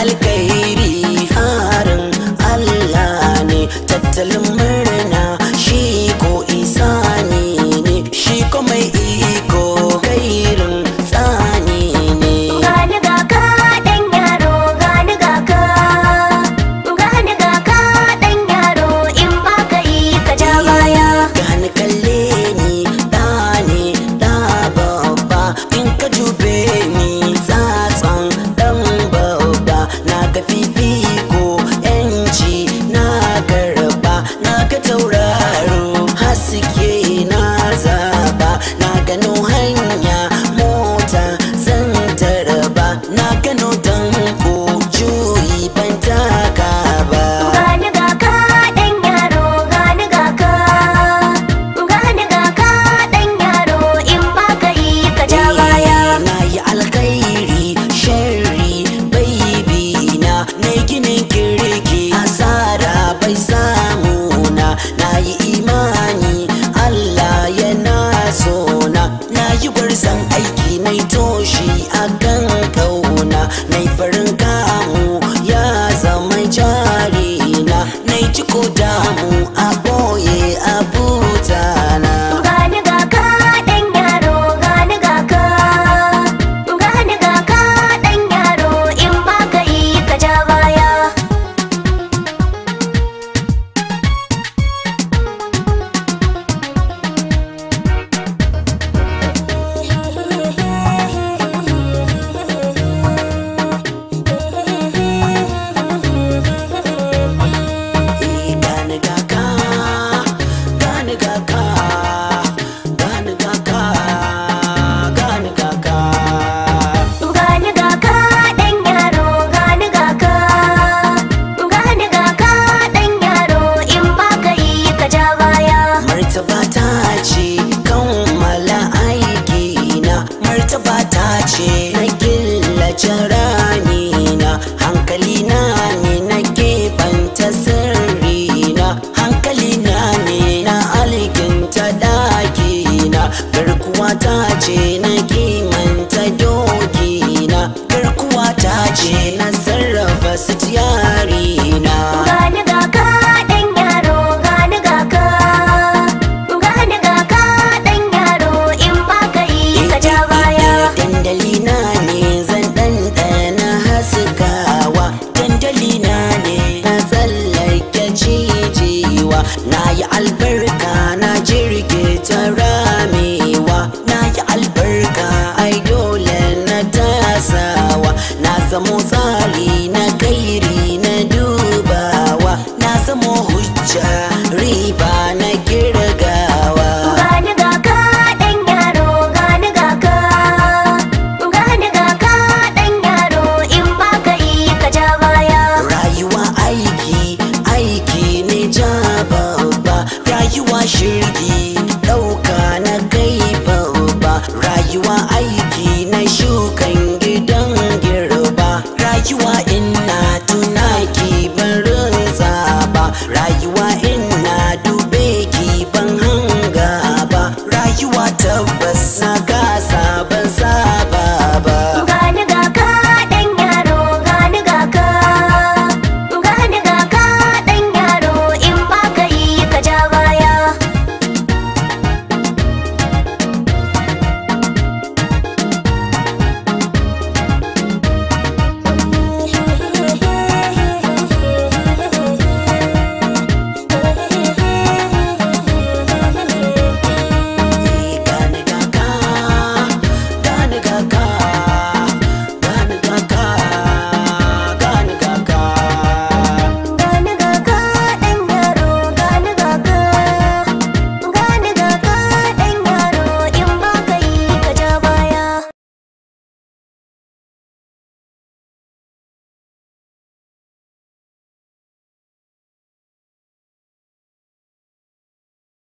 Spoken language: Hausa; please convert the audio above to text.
alkairi tsarin Allah ne tattalin mai ji ko damu a garkuwa ta ce na kimanta dokina garkuwa ta ce na sarrafa su na machine